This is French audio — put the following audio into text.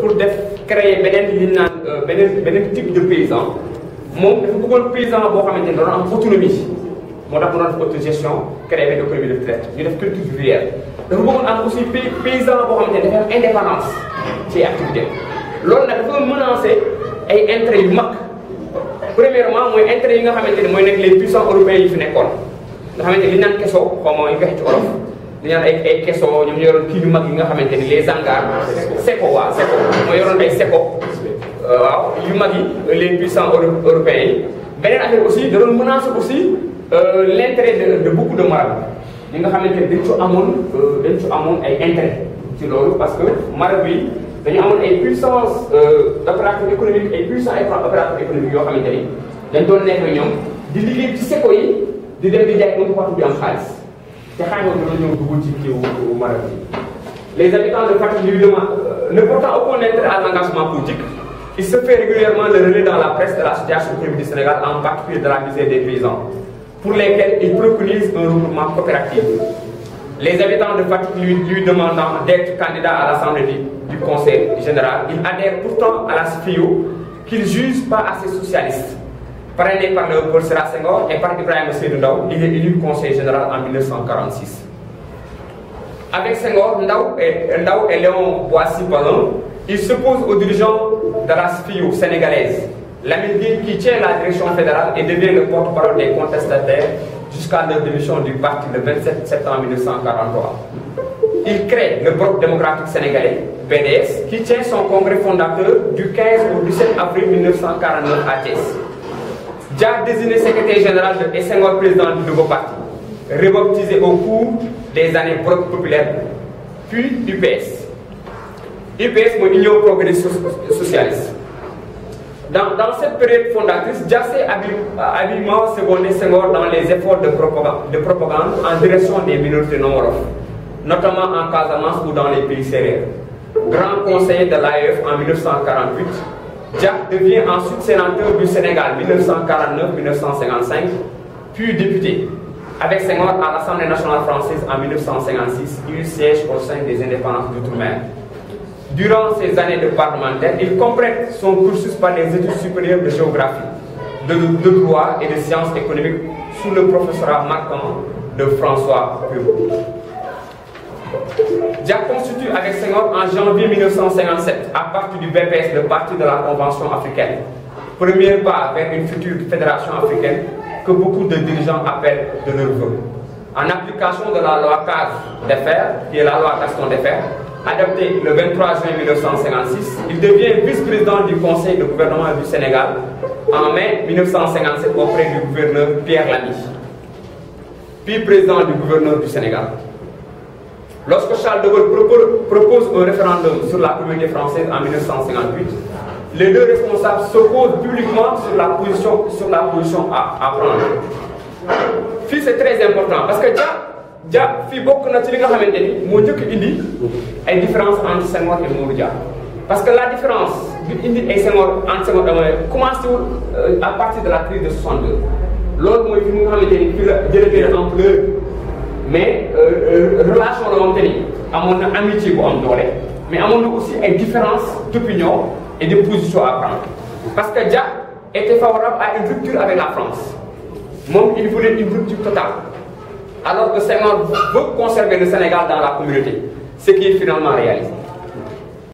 pour def créer benen li nan euh, beneen beneen type de paysan mom dafa bëggoon paysan bo xamante dañu am autonomie mo tax mu doon def gestion créer benn économie de traite ñu def culture vivrière dafa bëggoon am aussi paysan bo xamante ne dafa am indépendance ci activité lool nak dafa menacer ay intérêts yu mag premièrement mooy intérêt yi nga xamante ne mooy nekk les puissants européens yi fi nekkoon nga xamante ne li naan kesoo xaw ma ñu ci olof di naan ay ay keso ñoom yoroon kii yu mag yi nga xamante ni les hangars kan? seko waa seco moo yoroon ay seco waaw yu mag yi les puissants européens yi beneen affaire aussi da doon menace aussi l' intérêt de de beaucoup de marab yi nga xamante ni dañ ci amoon dañ ci amoon ay intérêt ci loolu parce que marab yi dañu amoon ay puissance d' opérateur économique ay puissance ay opérateur économique yoo xamante ni dañ doon nekk ñoom di liggéey ci seco yi di dem di jaay un partout di am xaalis les habitants de Fatick lui demandent euh, ne portant aucun intérêt à l'engagement politique il se fait régulièrement le relais dans la presse de la situation du Sénégal en particulier de la misère des paysans pour lesquels il préconise un regroupement coopératif les habitants de Fatick lui, demandant d'être candidat à l'assemblée du, conseil général il adhère pourtant à la CIO qu'il juge pas assez socialiste parrainé par le Paul Senghor et par Ibrahim Seydou Ndaw, il est élu conseiller général en 1946. Avec Senghor, Ndaw et, Léon Boissy-Ballon, il s'oppose aux dirigeants de la SPIO sénégalaise, l'amitié qui tient la direction fédérale et devient le porte-parole des contestataires jusqu'à la démission du parti le 27 septembre 1943. Il crée le groupe démocratique sénégalais, BDS, qui tient son congrès fondateur du 15 au 17 avril 1949 à Thiès. Jack désigné secrétaire général de Senghor, président du nouveau parti, rebaptisé au cours des années populaires, puis du UPS, mon Union Progressiste Socialiste. Dans, cette période fondatrice, Jack s'est habilement secondé Senghor dans les efforts de propagande, en direction des minorités non notamment en Casamance ou dans les pays sérieux. Grand conseiller de l'AEF en 1948, Jack devient ensuite sénateur du Sénégal 1949-1955, puis député. Avec Senghor à l'Assemblée nationale française en 1956, il siège au sein des indépendances d'outre-mer. Durant ses années de parlementaire, il complète son cursus par les études supérieures de géographie, de, droit et de sciences économiques sous le professeur marquant de François Puyol. Dia constitue avec Senghor en janvier 1957, à partir du BPS, le parti de la Convention africaine. Premier pas vers une future fédération africaine que beaucoup de dirigeants appellent de leur vœu. En application de la loi CAS Fers, qui est la loi Gaston Fers, adoptée le 23 juin 1956, il devient vice-président du Conseil de gouvernement du Sénégal en mai 1957 auprès du gouverneur Pierre Lamy, puis président du gouverneur du Sénégal. Lorsque Charles de Gaulle propose un référendum sur la communauté française en 1958, les deux responsables s'opposent publiquement sur la position, sur la à, prendre. c'est très important parce que déjà, indi une différence entre Senghor et parce que la différence Senghor entre Senghor euh, à partir de la crise de 62 Lorsque mais euh, euh, relation la moom à mon amitié pour en donner, mais mon mon aussi une différence d'opinion et de position à prendre parce que Jack était favorable à une rupture avec la France Même il voulait une rupture totale alors que Seigneur veut conserver le Sénégal dans la communauté ce qui est finalement réalisé